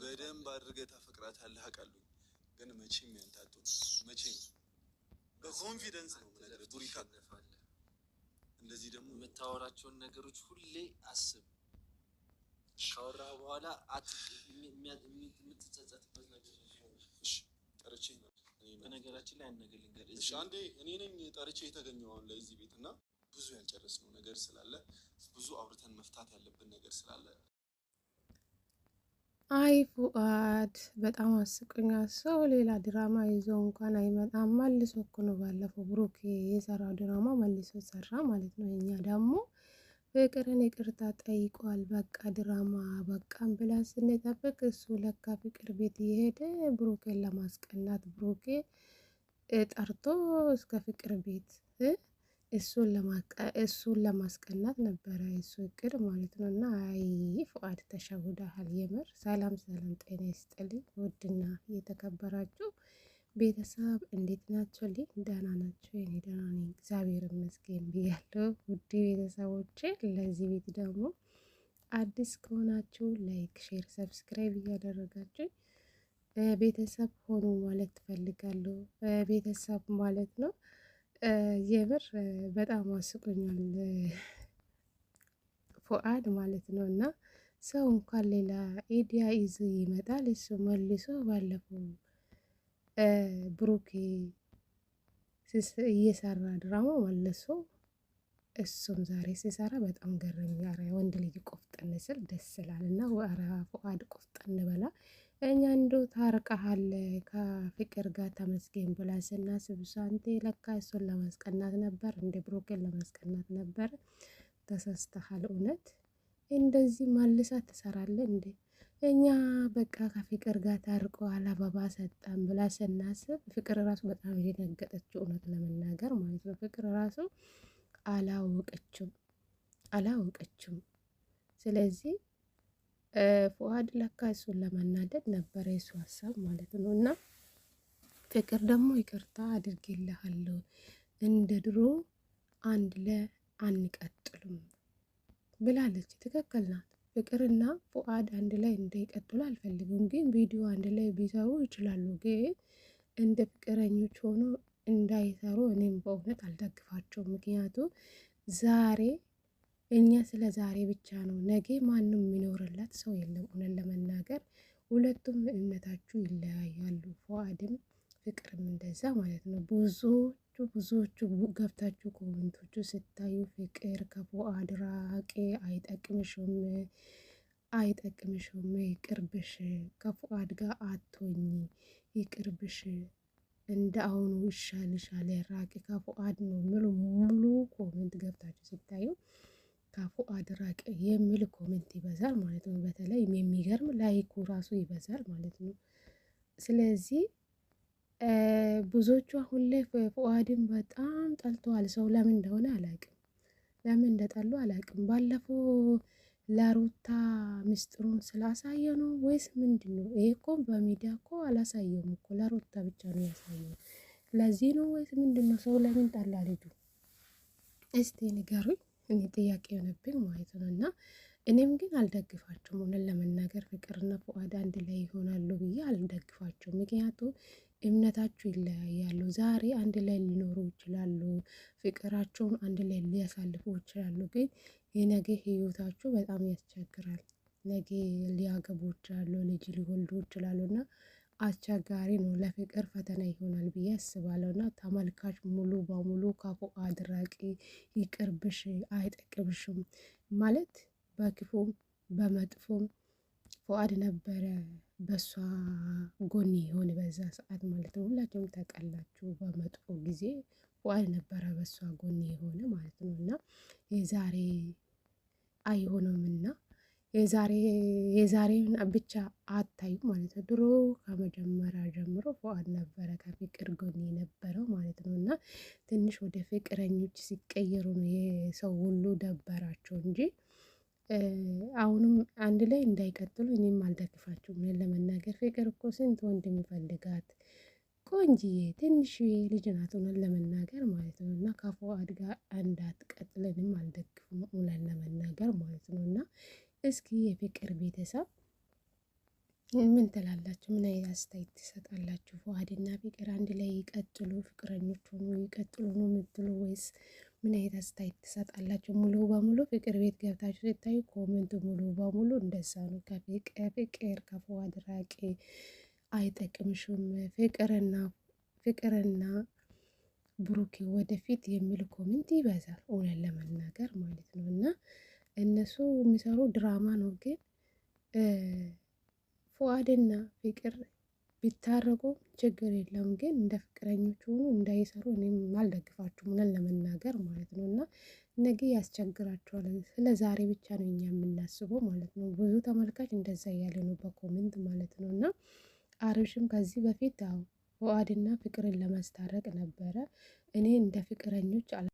በደንብ አድርገህ ታፈቅራታለህ አውቃለሁ። ግን መቼም ያንታጡ መቼም በኮንፊደንስ ነው ዱሪታ። እንደዚህ ደግሞ የምታወራቸውን ነገሮች ሁሌ አስብ። ካወራ በኋላ የምትጸጸትበት ነገር በነገራችን ላይ አንድ ነገር አንዴ እኔ ነኝ ጠርቼ የተገኘው አሁን ቤት እና ብዙ ያልጨረስነው ነገር ስላለ ብዙ አውርተን መፍታት ያለብን ነገር ስላለ አይ ፉአድ በጣም አስቆኛ። ሰው ሌላ ድራማ ይዞ እንኳን አይመጣም። መልሶ እኮ ነው ባለፈው ብሩክ የሰራው ድራማ መልሶ ሰራ ማለት ነው። እኛ ደግሞ ፍቅርን ይቅርታ ጠይቋል። በቃ ድራማ በቃም ብለን ስንጠብቅ እሱ ለካ ፍቅር ቤት እየሄደ ብሩኬን ለማስቀናት ብሩኬ ጠርቶ እስከ ፍቅር ቤት እሱን ለማስቀናት ነበረ የሱ እቅድ ማለት ነው። እና አይ ፍቃድ ተሸውደሃል። የምር ሰላም ሰላም፣ ጤና ይስጥልኝ ውድና የተከበራችሁ ቤተሰብ እንዴት ናቸው? ልኝ ደህና ናቸው። እኔ ደህና ነኝ እግዚአብሔር ይመስገን ብያለሁ። ውድ ቤተሰቦቼ ለዚህ ቤት ደግሞ አዲስ ከሆናችሁ ላይክ፣ ሼር፣ ሰብስክራይብ እያደረጋችሁ ቤተሰብ ሆኖ ማለት ትፈልጋለሁ ቤተሰብ ማለት ነው የምር በጣም አስቆኛል ፉአድ ማለት ነው። እና ሰው እንኳን ሌላ ኢዲያ ይዞ ይመጣል። እሱ መልሶ ባለፈው ብሩኬ እየሰራ ድራማ መልሶ እሱም ዛሬ ሲሰራ በጣም ገረኛ። ወንድ ልጅ ቆፍጠን ስል ደስ ይላል እና ፉአድ ቆፍጠን በላ እኛ እንዶ ታርቀሃል ከፍቅር ጋር ተመስገን ብላ ስናስብ ሳንቴ ለካ እሱን ለማስቀናት ነበር፣ እንደ ብሩክን ለማስቀናት ነበር። ተሳስተሃል። እውነት እንደዚህ ማልሳ ትሰራለ እንዴ? እኛ በቃ ከፍቅር ጋር ታርቀዋል አበባ ሰጣን ብላ ስናስብ ፍቅር ራሱ በጣም የደነገጠችው እውነት ለመናገር ማለት ነው። ፍቅር ራሱ አላወቀችም አላወቀችም። ስለዚህ ፉአድ ለካ እሱን ለመናደድ ነበረ የሱ ሀሳብ ማለት ነው። እና ፍቅር ደግሞ ይቅርታ አድርጌልሃለሁ፣ እንደ ድሮ አንድ ላይ አንቀጥሉም ብላለች። ትክክል ናት። ፍቅርና ፉአድ አንድ ላይ እንዳይቀጥሉ አልፈልጉም፣ ግን ቪዲዮ አንድ ላይ ቢሰሩ ይችላሉ። ግን እንደ ፍቅረኞች ሆኖ እንዳይሰሩ እኔም በእውነት አልደግፋቸው። ምክንያቱም ዛሬ እኛ ስለ ዛሬ ብቻ ነው። ነገ ማንም የሚኖርላት ሰው የለም። እውነት ለመናገር ሁለቱም እምነታችሁ ይለያያሉ። ፈዋድም ፍቅርም እንደዛ ማለት ነው። ብዙዎቹ ብዙዎቹ ገብታችሁ ኮሜንቶቹ ስታዩ ፍቅር ከፈዋድ ራቄ አይጠቅምሽም፣ አይጠቅምሽም፣ ይቅርብሽ፣ ከፉአድ ጋር አቶኝ ይቅርብሽ እንደ አሁኑ ይሻልሻል፣ ራቂ ከፉአድ ነው ሙሉ ሙሉ ኮሜንት ገብታችሁ ስታዩ ከፉአድ አድራቂ የሚል ኮሜንት ይበዛል ማለት ነው። በተለይ የሚገርም ላይኩ ራሱ ይበዛል ማለት ነው። ስለዚህ ብዙዎቹ አሁን ላይ ፉአድን በጣም ጠልተዋል። ሰው ለምን እንደሆነ አላቅም፣ ለምን እንደጠሉ አላቅም። ባለፈው ለሩታ ምስጢሩን ስላሳየ ነው ወይስ ምንድን ነው? ይሄ እኮ በሚዲያ እኮ አላሳየም እኮ ለሩታ ብቻ ነው ያሳየ። ለዚህ ነው ወይስ ምንድን ነው? ሰው ለምን ጠላ ልጁ? እስቲ ንገሩኝ። እኔ ጥያቄ የሆነብኝ ማለት ነው። እና እኔም ግን አልደግፋቸውም ሆነን ለመናገር ፍቅርና ፉአድ አንድ ላይ ይሆናሉ ብዬ አልደግፋቸውም። ምክንያቱም እምነታቸው ይለያያሉ። ዛሬ አንድ ላይ ሊኖሩ ይችላሉ፣ ፍቅራቸውን አንድ ላይ ሊያሳልፉ ይችላሉ። ግን የነገ ህይወታቸው በጣም ያስቸግራል። ነገ ሊያገቡ ይችላሉ፣ ልጅ ሊወልዱ ይችላሉ እና አስቸጋሪ ነው። ለፍቅር ፈተና ይሆናል ብዬ አስባለሁ እና ተመልካች ሙሉ በሙሉ ካፉ አድራቂ ይቅርብሽ፣ አይጠቅብሽም ማለት በክፉም በመጥፎም ፉአድ ነበረ በሷ ጎን ይሆን በዛ ሰዓት ማለት ነው። ሁላችሁም ተቀላችሁ በመጥፎ ጊዜ ፉአድ ነበረ በሷ ጎን የሆነ ማለት ነው እና የዛሬ አይሆነውምና የዛሬን ብቻ አታዩ ማለት ነው። ድሮ ከመጀመሪያ ጀምሮ ፉአድ ነበረ ከፍቅር ጎን የነበረው ማለት ነው። እና ትንሽ ወደ ፍቅረኞች ሲቀየሩ ነው የሰው ሁሉ ደበራቸው እንጂ አሁንም አንድ ላይ እንዳይቀጥሉ እኔም አልደግፋቸው ምን ለመናገር ፍቅር እኮ ስንት ወንድ የሚፈልጋት ቆንጅዬ ትንሽ ልጅ ናት፣ እውነት ለመናገር ማለት ነው። እና ከፉአድ ጋር እንዳትቀጥለንም አልደግፍም፣ ለመናገር ማለት ነው እና እስኪ የፍቅር ቤተሰብ ምን ትላላችሁ? ምን አይነት አስተያየት ትሰጣላችሁ? ፉአድና ፍቅር አንድ ላይ ይቀጥሉ፣ ፍቅረኞች ሆኑ ይቀጥሉ ነው የምትሉ ወይስ ምን አይነት አስተያየት ትሰጣላችሁ? ሙሉ በሙሉ ፍቅር ቤት ገብታችሁ ስታዩ ኮመንት ሙሉ በሙሉ እንደዛ ነው። ከፍቅር ከፉአድ ራቂ፣ አይጠቅምሽም፣ ፍቅርና ፍቅርና ብሩኬ ወደፊት የሚል ኮመንት ይበዛል፣ እውነት ለመናገር ማለት ነው እና እነሱ የሚሰሩ ድራማ ነው። ግን ፉአድና ፍቅር ቢታረቁ ችግር የለም። ግን እንደ ፍቅረኞች ሆኑ እንዳይሰሩ እኔም አልደግፋችሁ ምናል ለመናገር ማለት ነው። እና ነገ ያስቸግራቸዋል። ስለ ዛሬ ብቻ ነው እኛ የምናስበው ማለት ነው። ብዙ ተመልካች እንደዛ እያለ ነው በኮሜንት ማለት ነው። እና አብርሽም ከዚህ በፊት ፉአድና ፍቅርን ለማስታረቅ ነበረ እኔ እንደ ፍቅረኞች